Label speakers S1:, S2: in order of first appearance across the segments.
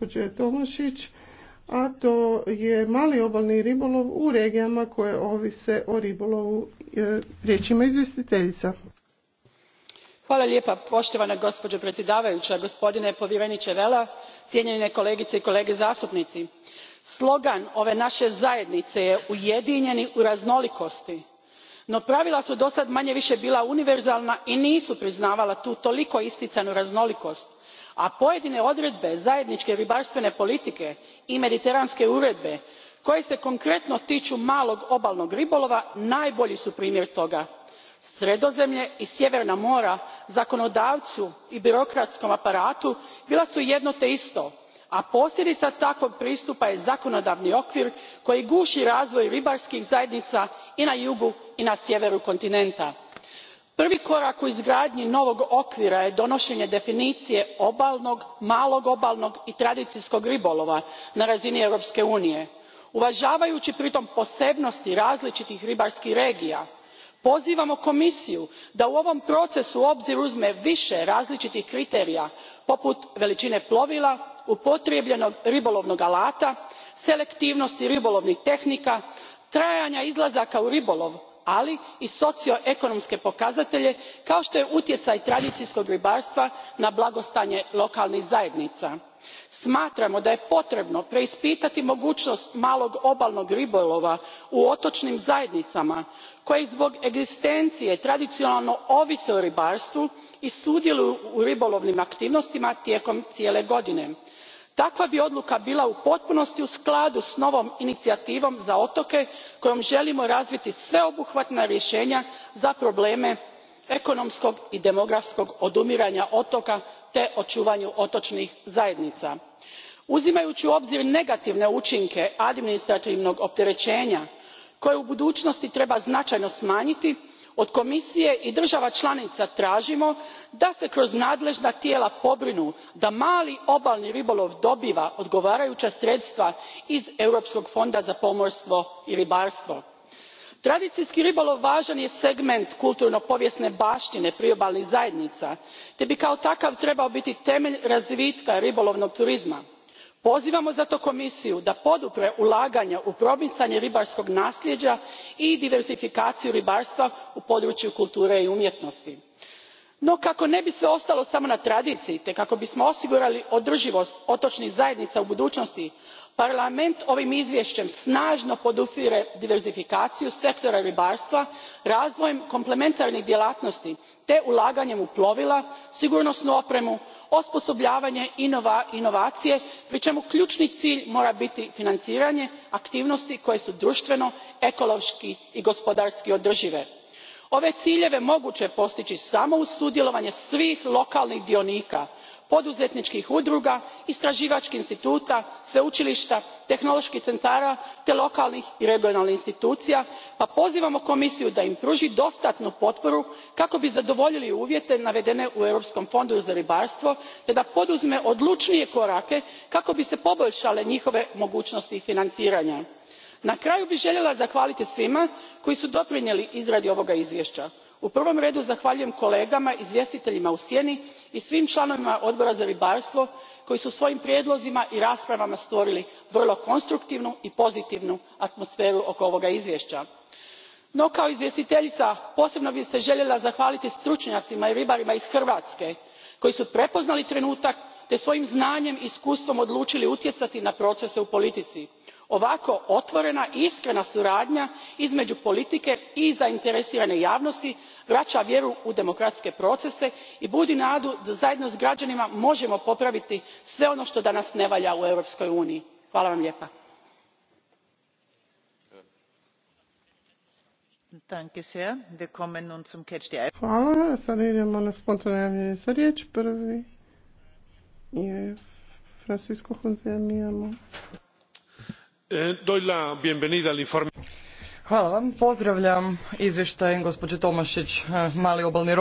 S1: gospođe Tomašić, a to je mali obalni ribolov u regijama koje ovise o ribolovu e, riječima izvjestiteljica.
S2: Hvala lijepa poštovana gospođo predsjedavajuća, gospodine povjereniče Vela, cijenjene kolegice i kolege zastupnici. Slogan ove naše zajednice je Ujedinjeni u raznolikosti, no pravila su dosad manje-više bila univerzalna i nisu priznavala tu toliko isticanu raznolikost a pojedine odredbe zajedničke ribarstvene politike i mediteranske uredbe koje se konkretno tiču malog obalnog ribolova najbolji su primjer toga. sredozemlje i sjeverna mora zakonodavcu i birokratskom aparatu bila su jedno te isto a posljedica takvog pristupa je zakonodavni okvir koji guši razvoj ribarskih zajednica i na jugu i na sjeveru kontinenta prvi korak u izgradnji novog okvira je donošenje definicije obalnog malog obalnog i tradicijskog ribolova na razini europske unije uvažavajući pritom posebnosti različitih ribarskih regija. pozivamo komisiju da u ovom procesu u obzir uzme više različitih kriterija poput veličine plovila upotrijebljenog ribolovnog alata selektivnosti ribolovnih tehnika trajanja izlazaka u ribolov ali i socioekonomske pokazatelje kao što je utjecaj tradicijskog ribarstva na blagostanje lokalnih zajednica. smatramo da je potrebno preispitati mogućnost malog obalnog ribolova u otočnim zajednicama koje zbog egzistencije tradicionalno ovise o ribarstvu i sudjeluju u ribolovnim aktivnostima tijekom cijele godine takva bi odluka bila u potpunosti u skladu s novom inicijativom za otoke kojom želimo razviti sveobuhvatna rješenja za probleme ekonomskog i demografskog odumiranja otoka te očuvanju otočnih zajednica. Uzimajući u obzir negativne učinke administrativnog opterećenja koje u budućnosti treba značajno smanjiti od komisije i država članica tražimo da se kroz nadležna tijela pobrinu da mali obalni ribolov dobiva odgovarajuća sredstva iz europskog fonda za pomorstvo i ribarstvo. tradicijski ribolov važan je segment kulturno povijesne baštine priobalnih zajednica te bi kao takav trebao biti temelj razvitka ribolovnog turizma pozivamo zato komisiju da podupre ulaganja u promicanje ribarskog nasljeđa i diversifikaciju ribarstva u području kulture i umjetnosti. no kako ne bi sve ostalo samo na tradiciji te kako bismo osigurali održivost otočnih zajednica u budućnosti, parlament ovim izvješćem snažno podupire diverzifikaciju sektora ribarstva razvojem komplementarnih djelatnosti te ulaganjem u plovila sigurnosnu opremu osposobljavanje i inovacije pri čemu ključni cilj mora biti financiranje aktivnosti koje su društveno ekološki i gospodarski održive. ove ciljeve moguće je postići samo uz sudjelovanje svih lokalnih dionika poduzetničkih udruga istraživačkih instituta sveučilišta tehnoloških centara te lokalnih i regionalnih institucija pa pozivamo komisiju da im pruži dostatnu potporu kako bi zadovoljili uvjete navedene u europskom fondu za ribarstvo te da poduzme odlučnije korake kako bi se poboljšale njihove mogućnosti financiranja. na kraju bih željela zahvaliti svima koji su doprinijeli izradi ovoga izvješća u prvom redu zahvaljujem kolegama izvjestiteljima u sjeni i svim članovima odbora za ribarstvo koji su svojim prijedlozima i raspravama stvorili vrlo konstruktivnu i pozitivnu atmosferu oko ovoga izvješća. no kao izvjestiteljica posebno bih se željela zahvaliti stručnjacima i ribarima iz hrvatske koji su prepoznali trenutak te svojim znanjem i iskustvom odlučili utjecati na procese u politici ovako otvorena i iskrena suradnja između politike i zainteresirane javnosti vraća vjeru u demokratske procese i budi nadu da zajedno s građanima možemo popraviti sve ono što danas ne valja u europskoj uniji. hvala
S3: E,
S4: Hvala vam. Pozdravljam izvještaj gospođe Tomašić. E, mali obalni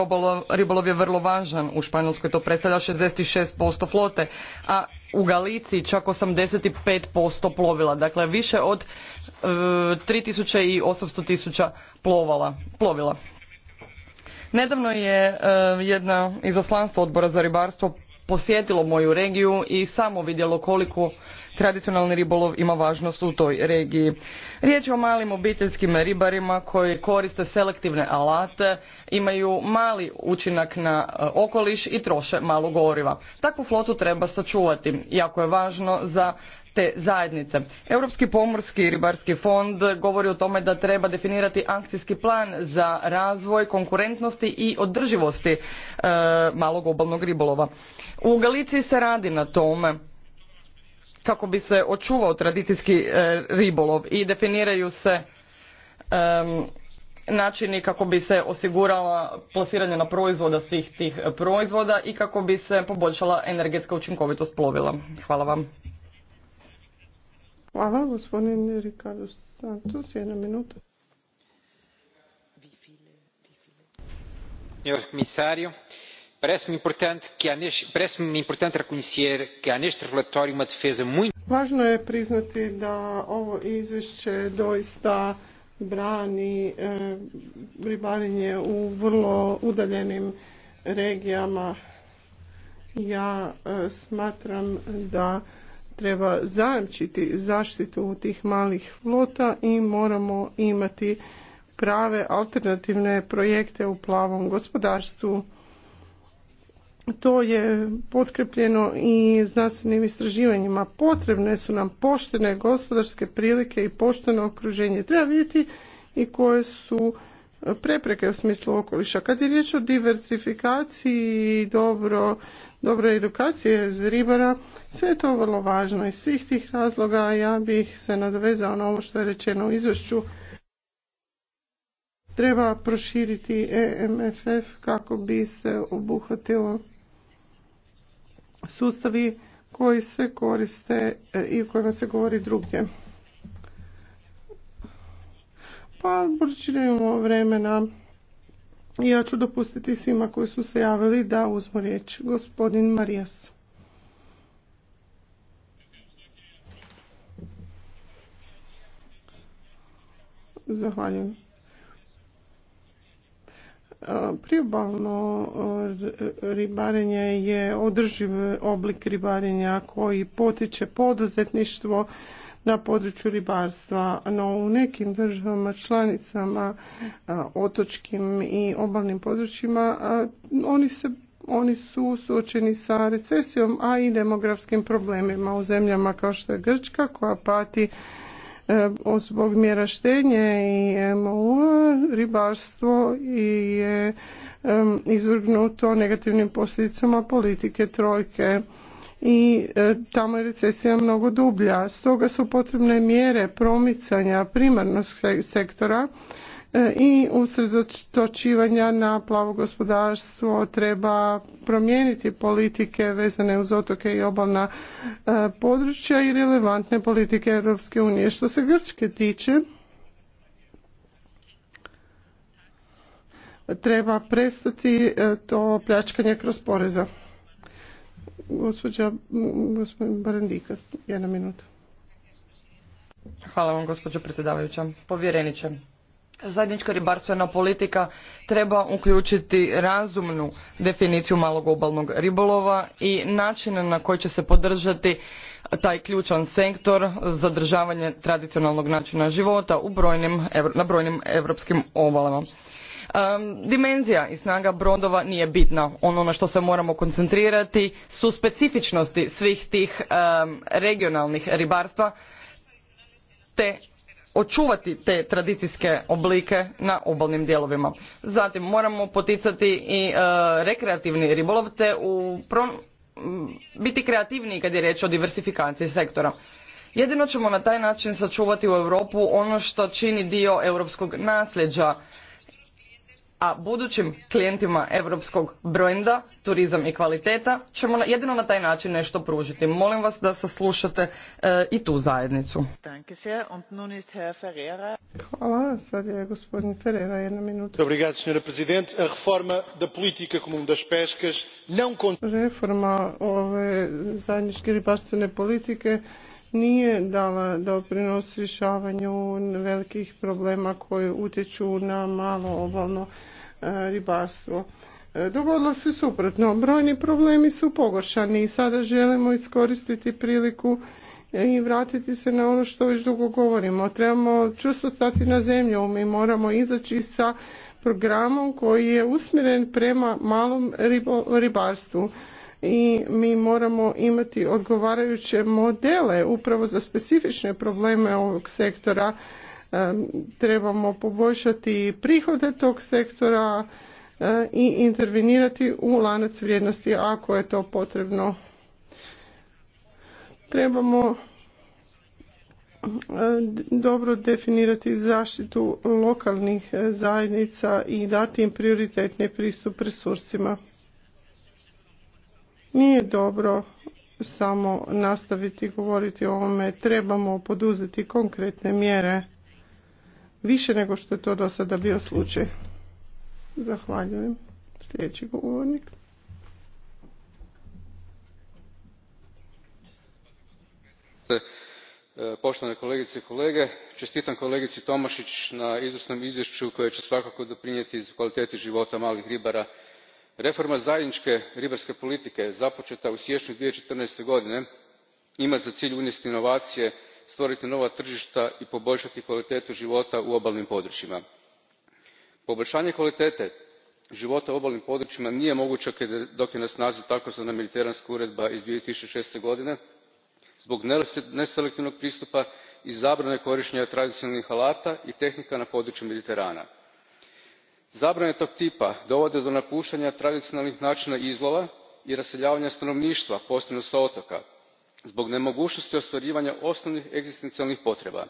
S4: ribolov, je vrlo važan. U Španjolskoj to predstavlja 66% flote, a u Galiciji čak 85% plovila. Dakle, više od e, tri i tisuća plovila. Nedavno je jedno izaslanstvo odbora za ribarstvo posjetilo moju regiju i samo vidjelo koliko tradicionalni ribolov ima važnost u toj regiji. Riječ je o malim obiteljskim ribarima koji koriste selektivne alate, imaju mali učinak na e, okoliš i troše malo goriva. Takvu flotu treba sačuvati, jako je važno za te zajednice. Europski pomorski ribarski fond govori o tome da treba definirati akcijski plan za razvoj konkurentnosti i održivosti e, malog obalnog ribolova. U Galiciji se radi na tome kako bi se očuvao tradicijski e, ribolov i definiraju se načini kako bi se osigurala plasiranje na proizvoda svih tih e, proizvoda i kako bi se poboljšala energetska učinkovitost plovila. Hvala vam.
S1: Hvala, Santos, jedna minuta
S5: parece me importante que
S1: Važno je priznati da ovo izvješće doista brani e, ribarenje u vrlo udaljenim regijama. Ja e, smatram da treba zajamčiti zaštitu tih malih flota i moramo imati prave alternativne projekte u plavom gospodarstvu to je potkrepljeno i znanstvenim istraživanjima. Potrebne su nam poštene gospodarske prilike i pošteno okruženje. Treba vidjeti i koje su prepreke u smislu okoliša. Kad je riječ o diversifikaciji i dobro, dobro edukacije iz ribara, sve je to vrlo važno. Iz svih tih razloga ja bih se nadovezao na ovo što je rečeno u izvješću. Treba proširiti EMFF kako bi se obuhvatilo sustavi koji se koriste e, i o kojima se govori drugdje. Pa budući da imamo vremena, ja ću dopustiti svima koji su se javili da uzmu riječ. Gospodin Marijas. Zahvaljujem. Priobalno ribarenje je održiv oblik ribarenja koji potiče poduzetništvo na području ribarstva, no u nekim državama članicama, otočkim i obalnim područjima oni se oni su suočeni sa recesijom, a i demografskim problemima u zemljama kao što je Grčka koja pati E, zbog mjera štenje i MOU ribarstvo i je izvrgnuto negativnim posljedicama politike trojke i e, tamo je recesija mnogo dublja. Stoga su potrebne mjere promicanja primarnog sektora E, i usredotočivanja na plavo gospodarstvo treba promijeniti politike vezane uz otoke i obalna e, područja i relevantne politike Europske unije. Što se Grčke tiče, treba prestati e, to pljačkanje kroz poreza. Gospođa, jedna minuta.
S4: Hvala vam, gospođo predsjedavajuća. Povjereniče, zajednička ribarstvena politika treba uključiti razumnu definiciju malog obalnog ribolova i način na koji će se podržati taj ključan sektor zadržavanje tradicionalnog načina života na brojnim europskim obalama. Dimenzija i snaga brodova nije bitna. Ono na što se moramo koncentrirati su specifičnosti svih tih regionalnih ribarstva te očuvati te tradicijske oblike na obalnim dijelovima. Zatim moramo poticati i e, rekreativni ribolov te u biti kreativniji kad je riječ o diversifikaciji sektora. Jedino ćemo na taj način sačuvati u Europu ono što čini dio europskog nasljeđa a budućim klijentima europskog brenda, turizam i kvaliteta ćemo jedino na taj način nešto pružiti. Molim vas da saslušate e, i tu zajednicu.
S1: Hvala, sad je gospodin jedna minuta. Reforma ove zajedničke ribarstvene politike nije dala doprinos rješavanju velikih problema koji utječu na malo obalno E, ribarstvo. E, dogodilo se suprotno, brojni problemi su pogoršani i sada želimo iskoristiti priliku i vratiti se na ono što već dugo govorimo. Trebamo čvrsto stati na zemlju, mi moramo izaći sa programom koji je usmjeren prema malom ribarstvu i mi moramo imati odgovarajuće modele upravo za specifične probleme ovog sektora trebamo poboljšati prihode tog sektora eh, i intervenirati u lanac vrijednosti ako je to potrebno. Trebamo eh, dobro definirati zaštitu lokalnih zajednica i dati im prioritetni pristup resursima. Nije dobro samo nastaviti govoriti o ovome, trebamo poduzeti konkretne mjere više nego što je to do sada bio slučaj. Zahvaljujem. Sljedeći govornik.
S5: Poštovane kolegice i kolege, čestitam kolegici Tomašić na izvrsnom izvješću koje će svakako doprinijeti kvaliteti života malih ribara. Reforma zajedničke ribarske politike započeta u siječnju 2014. godine ima za cilj unijesti inovacije stvoriti nova tržišta i poboljšati kvalitetu života u obalnim područjima. poboljšanje kvalitete života u obalnim područjima nije moguće dok je na snazi takozvani mediteranska uredba iz. two thousand and six godine zbog neselektivnog pristupa i zabrane korištenja tradicionalnih alata i tehnika na području mediterana. zabrane tog tipa dovode do napuštanja tradicionalnih načina izlova i raseljavanja stanovništva posebno s otoka zbog nemogućnosti ostvarivanja osnovnih egzistencijalnih potreba.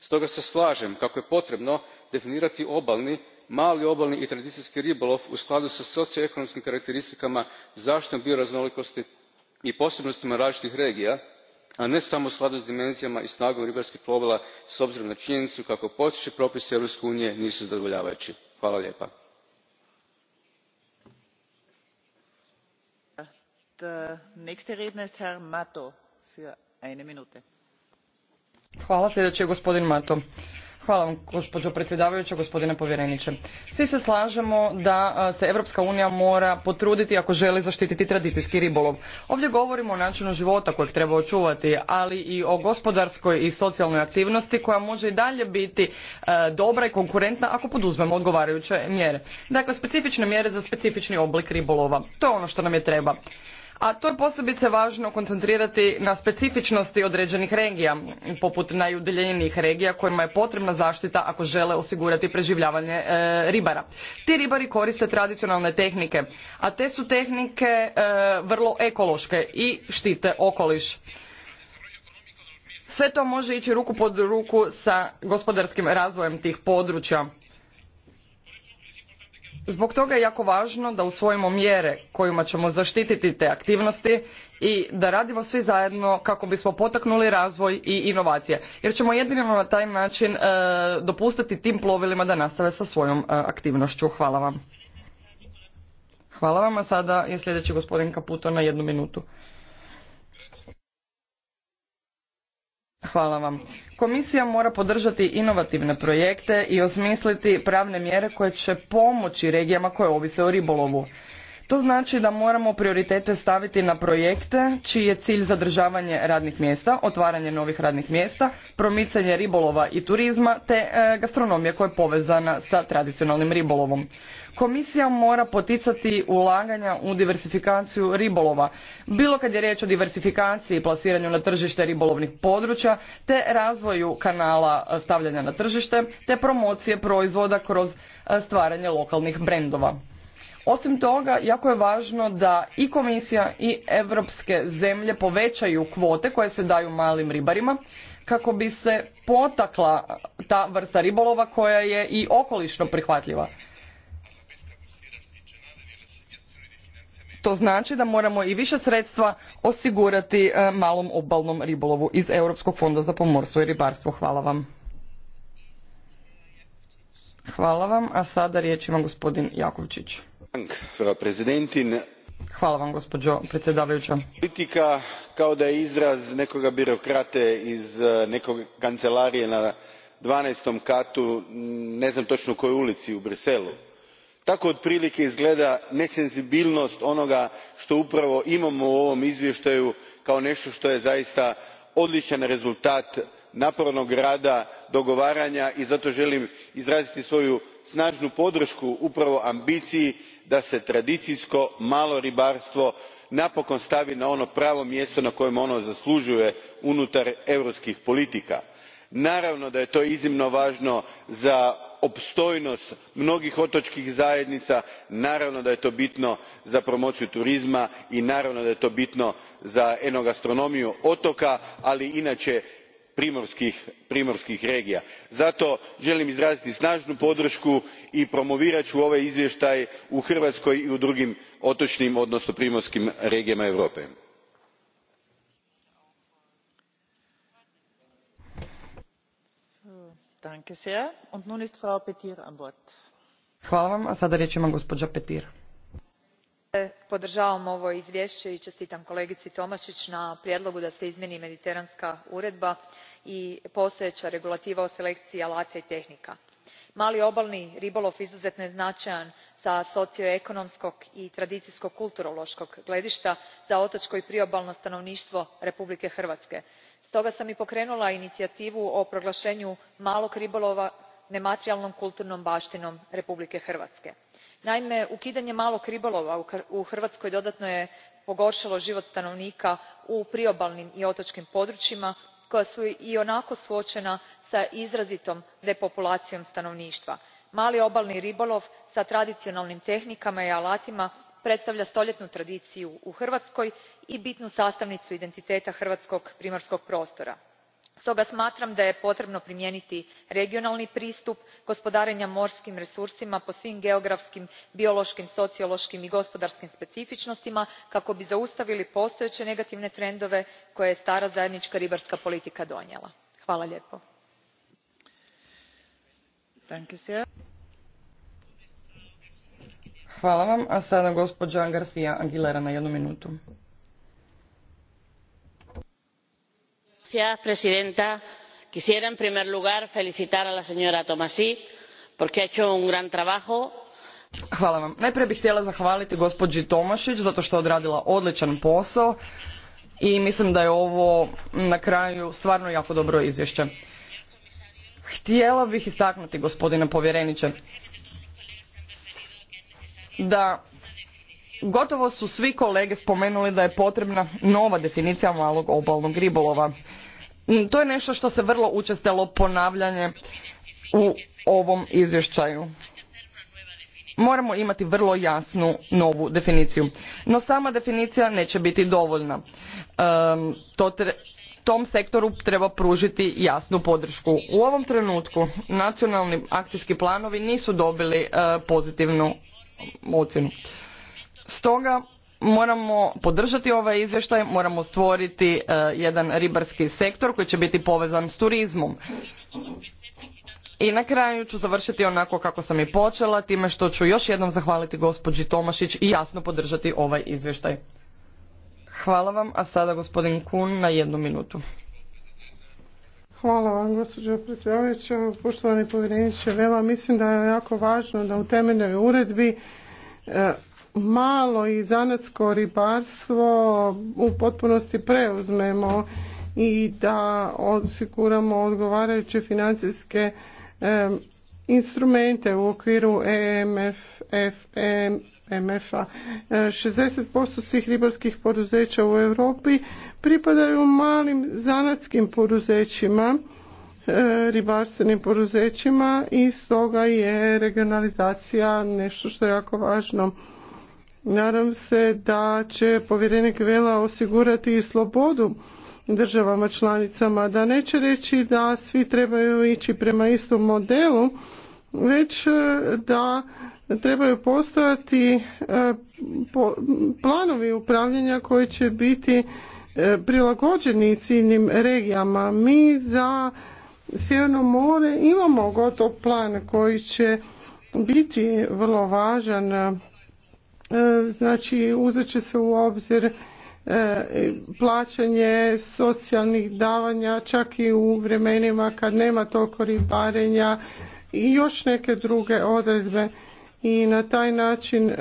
S5: stoga se slažem kako je potrebno definirati obalni mali obalni i tradicijski ribolov u skladu sa socioekonomskim karakteristikama zaštitom bioraznolikosti i posebnostima različitih regija a ne samo u skladu s dimenzijama i snagom ribarskih plovila s obzirom na činjenicu kako postojeći propisi europske unije nisu zadovoljavajući. hvala lijepa.
S4: Hvala, gospođo gospodine povjereniče. Svi se slažemo da se Europska unija mora potruditi ako želi zaštititi tradicijski ribolov. Ovdje govorimo o načinu života kojeg treba očuvati, ali i o gospodarskoj i socijalnoj aktivnosti koja može i dalje biti dobra i konkurentna ako poduzmemo odgovarajuće mjere. Dakle, specifične mjere za specifični oblik ribolova. To je ono što nam je treba a to je posebice važno koncentrirati na specifičnosti određenih regija poput najudaljenijih regija kojima je potrebna zaštita ako žele osigurati preživljavanje e, ribara ti ribari koriste tradicionalne tehnike a te su tehnike e, vrlo ekološke i štite okoliš sve to može ići ruku pod ruku sa gospodarskim razvojem tih područja Zbog toga je jako važno da usvojimo mjere kojima ćemo zaštititi te aktivnosti i da radimo svi zajedno kako bismo potaknuli razvoj i inovacije. Jer ćemo jedino na taj način e, dopustiti tim plovilima da nastave sa svojom e, aktivnošću. Hvala vam. sada i sljedeći gospodin Kaputo na jednu minutu. Hvala vam. Komisija mora podržati inovativne projekte i osmisliti pravne mjere koje će pomoći regijama koje ovise o ribolovu. To znači da moramo prioritete staviti na projekte čiji je cilj zadržavanje radnih mjesta, otvaranje novih radnih mjesta, promicanje ribolova i turizma te e, gastronomija koja je povezana sa tradicionalnim ribolovom. Komisija mora poticati ulaganja u diversifikaciju ribolova, bilo kad je riječ o diversifikaciji i plasiranju na tržište ribolovnih područja, te razvoju kanala stavljanja na tržište, te promocije proizvoda kroz e, stvaranje lokalnih brendova. Osim toga, jako je važno da i komisija i europske zemlje povećaju kvote koje se daju malim ribarima kako bi se potakla ta vrsta ribolova koja je i okolišno prihvatljiva. To znači da moramo i više sredstva osigurati e, malom obalnom ribolovu iz Europskog fonda za pomorstvo i ribarstvo. Hvala vam. Hvala vam, a sada riječ ima gospodin Jakovčić. Hvala vam, gospođo predsjedavajuća.
S3: Politika kao da je izraz nekoga birokrate iz e, nekog kancelarije na 12. katu, ne znam točno u kojoj ulici u Briselu tako otprilike izgleda nesenzibilnost onoga što upravo imamo u ovom izvještaju kao nešto što je zaista odličan rezultat napornog rada dogovaranja i zato želim izraziti svoju snažnu podršku upravo ambiciji da se tradicijsko malo ribarstvo napokon stavi na ono pravo mjesto na kojem ono zaslužuje unutar europskih politika. naravno da je to iznimno važno za opstojnost mnogih otočkih zajednica naravno da je to bitno za promociju turizma i naravno da je to bitno za enogastronomiju otoka ali i inače primorskih regija. zato želim izraziti snažnu podršku i promovirat ću ovaj izvještaj u hrvatskoj i u drugim otočnim odnosno primorskim regijama europe.
S6: Podržavam ovo izvješće i čestitam kolegici Tomašić na prijedlogu da se izmjeni mediteranska uredba i postojeća regulativa o selekciji alata i tehnika. Mali obalni ribolov izuzetno je značajan sa socioekonomskog i tradicijsko kulturološkog gledišta za otočko i priobalno stanovništvo Republike Hrvatske stoga sam i pokrenula inicijativu o proglašenju malog ribolova nematerijalnom kulturnom baštinom republike hrvatske. naime ukidanje malog ribolova u hrvatskoj dodatno je pogoršalo život stanovnika u priobalnim i otočkim područjima koja su ionako suočena s izrazitom depopulacijom stanovništva. mali obalni ribolov s tradicionalnim tehnikama i alatima predstavlja stoljetnu tradiciju u hrvatskoj i bitnu sastavnicu identiteta hrvatskog primorskog prostora. stoga smatram da je potrebno primijeniti regionalni pristup gospodarenja morskim resursima po svim geografskim biološkim sociološkim i gospodarskim specifičnostima kako bi zaustavili postojeće negativne trendove koje je stara zajednička ribarska politika donijela. hvala lijepo.
S4: Hvala vam, a sada gospođa Garcia Aguilera na jednu minutu. Gracias, presidenta. Quisiera en primer lugar felicitar a la señora Tomasi porque ha hecho un gran trabajo Hvala vam. Najprije bih htjela zahvaliti gospođi Tomašić zato što je odradila odličan posao i mislim da je ovo na kraju stvarno jako dobro izvješće. Htjela bih istaknuti gospodina povjereniče da gotovo su svi kolege spomenuli da je potrebna nova definicija malog obalnog ribolova. Mm, to je nešto što se vrlo učestalo ponavljanje u ovom izvješćaju. Moramo imati vrlo jasnu novu definiciju. No sama definicija neće biti dovoljna. to tom sektoru treba pružiti jasnu podršku. U ovom trenutku nacionalni akcijski planovi nisu dobili e, pozitivnu ucjenu. Stoga moramo podržati ovaj izvještaj, moramo stvoriti e, jedan ribarski sektor koji će biti povezan s turizmom. I na kraju ću završiti onako kako sam i počela, time što ću još jednom zahvaliti gospođi Tomašić i jasno podržati ovaj izvještaj. Hvala vam, a sada gospodin Kun na jednu minutu.
S1: Hvala vam, gospođo predsjedavajuća. Poštovani povjereniče Vela, mislim da je jako važno da u temeljnoj uredbi e, malo i zanatsko ribarstvo u potpunosti preuzmemo i da osiguramo odgovarajuće financijske e, instrumente u okviru EMFFM. MF-a. E, posto svih ribarskih poduzeća u Europi pripadaju malim zanatskim poduzećima e, ribarstvenim poduzećima i stoga je regionalizacija nešto što je jako važno. Nadam se da će povjerenik Vela osigurati i slobodu državama članicama, da neće reći da svi trebaju ići prema istom modelu, već e, da trebaju postojati e, planovi upravljanja koji će biti e, prilagođeni ciljnim regijama. Mi za Sjeverno more imamo gotov plan koji će biti vrlo važan. Znači uzet će se u obzir plaćanje socijalnih davanja čak i u vremenima kad nema toliko ribarenja i još neke druge odredbe i na taj način e,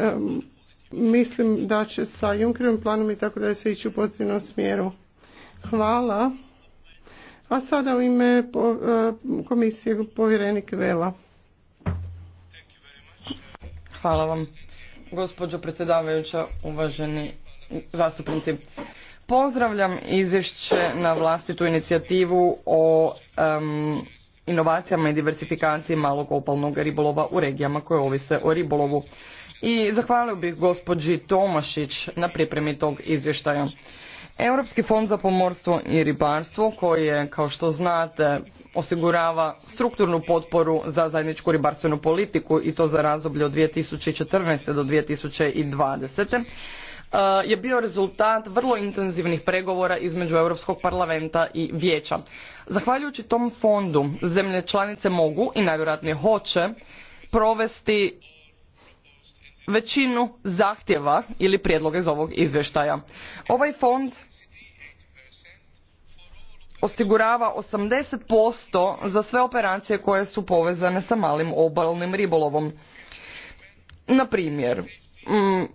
S1: mislim da će sa Junkerovim planom i tako da se ići u pozitivnom smjeru. Hvala. A sada u ime e, komisije povjerenik Vela.
S4: Hvala vam, gospođo predsjedavajuća, uvaženi zastupnici. Pozdravljam izvješće na vlastitu inicijativu o inovacijama i diversifikaciji malog opalnog ribolova u regijama koje ovise o ribolovu. I zahvalio bih gospođi Tomašić na pripremi tog izvještaja. Europski fond za pomorstvo i ribarstvo koji je, kao što znate, osigurava strukturnu potporu za zajedničku ribarstvenu politiku i to za razdoblje od 2014. do 2020 je bio rezultat vrlo intenzivnih pregovora između Europskog parlamenta i vijeća. Zahvaljujući tom fondu zemlje članice mogu i najvjerojatnije hoće provesti većinu zahtjeva ili prijedloga iz ovog izvještaja. Ovaj fond osigurava 80% za sve operacije koje su povezane sa malim obalnim ribolovom. Na primjer, mm,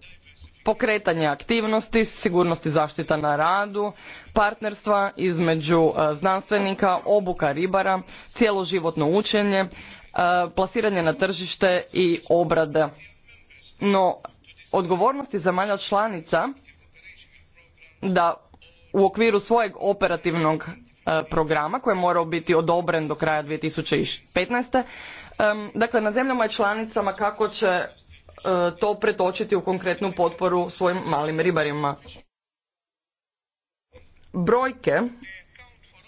S4: pokretanje aktivnosti, sigurnosti zaštita na radu, partnerstva između e, znanstvenika, obuka ribara, cjeloživotno učenje, e, plasiranje na tržište i obrade. No, odgovornosti zemalja članica da u okviru svojeg operativnog e, programa koji je morao biti odobren do kraja 2015. Dakle, na zemljama i članicama kako će E, to pretočiti u konkretnu potporu svojim malim ribarima. Brojke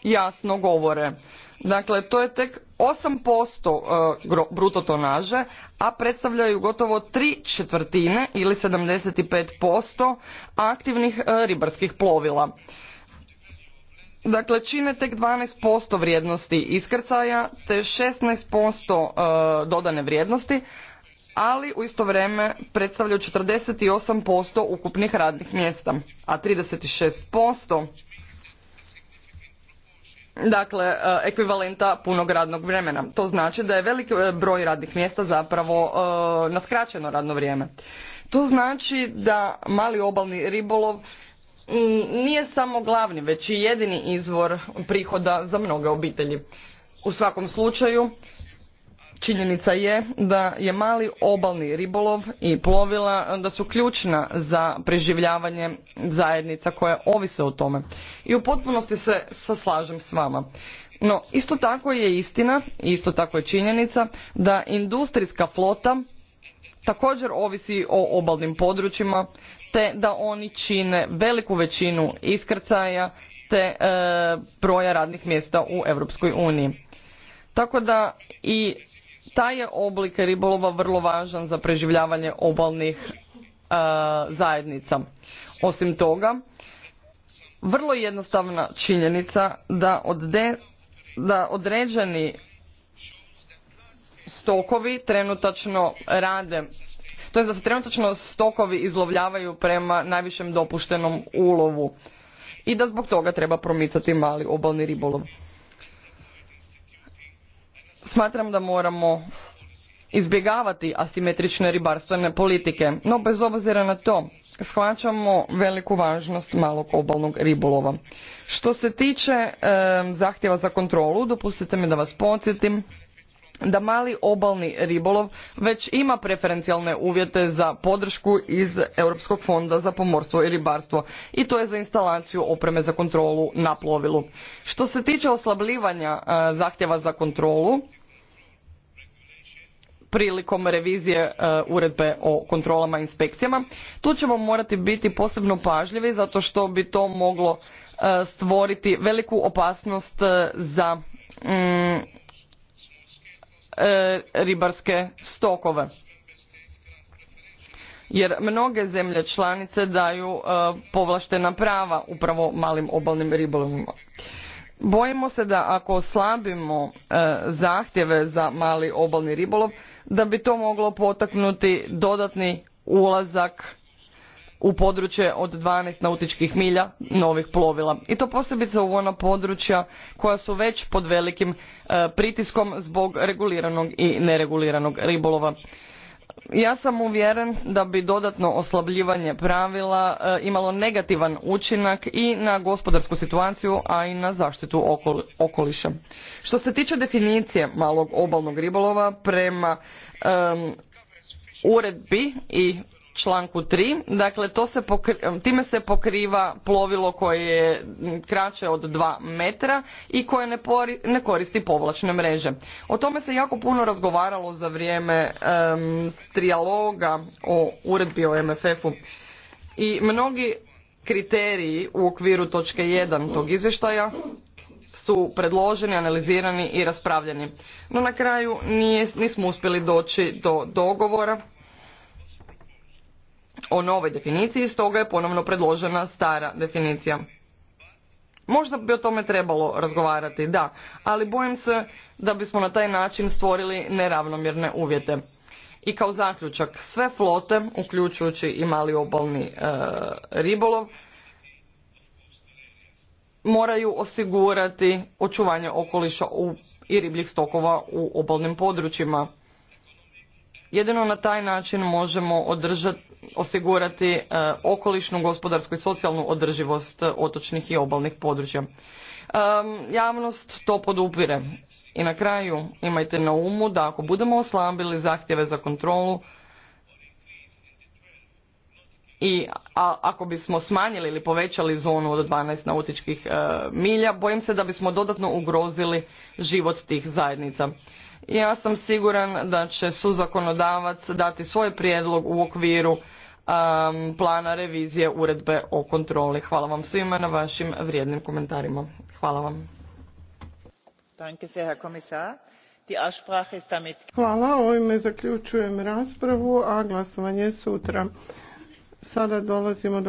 S4: jasno govore. Dakle, to je tek 8% e, bruto tonaže, a predstavljaju gotovo tri četvrtine ili 75% aktivnih e, ribarskih plovila. Dakle, čine tek 12% vrijednosti iskrcaja te 16% dodane vrijednosti, ali u isto vrijeme predstavljaju 48% ukupnih radnih mjesta, a 36% dakle e, ekvivalenta punog radnog vremena. To znači da je veliki e, broj radnih mjesta zapravo e, na skraćeno radno vrijeme. To znači da mali obalni ribolov mm, nije samo glavni, već i jedini izvor prihoda za mnoge obitelji. U svakom slučaju Činjenica je da je mali obalni ribolov i plovila e, da su ključna za preživljavanje zajednica koje ovise o tome. I u potpunosti se slažem s vama. No, isto tako je istina, isto tako je činjenica da industrijska flota također ovisi o obalnim područjima, te da oni čine veliku većinu iskrcaja te e, broja radnih mjesta u Europskoj uniji. Tako da i taj je oblik ribolova vrlo važan za preživljavanje obalnih e, zajednica. Osim toga, vrlo jednostavna činjenica da, da određeni stokovi trenutačno rade, to je da se trenutačno stokovi izlovljavaju prema najvišem dopuštenom ulovu i da zbog toga treba promicati mali obalni ribolov smatram da moramo izbjegavati asimetrične ribarstvene politike no bez obzira na to shvaćamo veliku važnost malog obalnog ribolova što se tiče zahtjeva za kontrolu dopustite mi da vas podsjetim da mali obalni ribolov već ima preferencijalne uvjete za podršku iz Europskog fonda za pomorstvo i ribarstvo i to je za instalaciju opreme za kontrolu na plovilu. Što se tiče oslabljivanja zahtjeva za kontrolu, prilikom revizije e, uredbe o kontrolama i inspekcijama. Tu ćemo morati biti posebno pažljivi zato što bi to moglo e, stvoriti veliku opasnost e, za mm, ribarske stokove jer mnoge zemlje članice daju povlaštena prava upravo malim obalnim ribolovima. Bojimo se da ako oslabimo zahtjeve za mali obalni ribolov da bi to moglo potaknuti dodatni ulazak u područje od 12 nautičkih milja novih plovila. I to posebice u ona područja koja su već pod velikim e, pritiskom zbog reguliranog i nereguliranog ribolova ja sam uvjeren da bi dodatno oslabljivanje pravila e, imalo negativan učinak i na gospodarsku situaciju a i na zaštitu okoliša što se tiče definicije malog obalnog ribolova prema uredbi i članku 3. Dakle, time se pokriva plovilo koje je kraće od 2 metra i koje ne, koristi povlačne mreže. O tome se jako puno razgovaralo za vrijeme trijaloga o uredbi o MFF-u. I mnogi kriteriji u okviru točke 1 tog izvještaja su predloženi, analizirani i raspravljeni. No na kraju nismo uspjeli doći do dogovora o novoj definiciji, stoga je ponovno predložena stara definicija. Možda bi o tome trebalo razgovarati, da, ali bojim se da bismo na taj način stvorili neravnomjerne uvjete. I kao zaključak, sve flote, uključujući i mali obalni e, ribolov, moraju osigurati očuvanje okoliša u, i ribljih stokova u obalnim područjima. Jedino na taj način možemo održati, osigurati e, okolišnu, gospodarsku i socijalnu održivost e, otočnih i obalnih područja. E, javnost to podupire. I na kraju imajte na umu da ako budemo oslabili zahtjeve za kontrolu i ako bismo smanjili ili povećali zonu od 12 nautičkih milja, bojim se da bismo dodatno ugrozili život tih zajednica. Ja sam siguran da će suzakonodavac dati svoj prijedlog u okviru plana revizije uredbe o kontroli. Hvala vam svima na vašim vrijednim komentarima. Hvala vam.
S1: Hvala, ovime
S6: zaključujem raspravu, a glasovanje sutra. Sada dolazimo do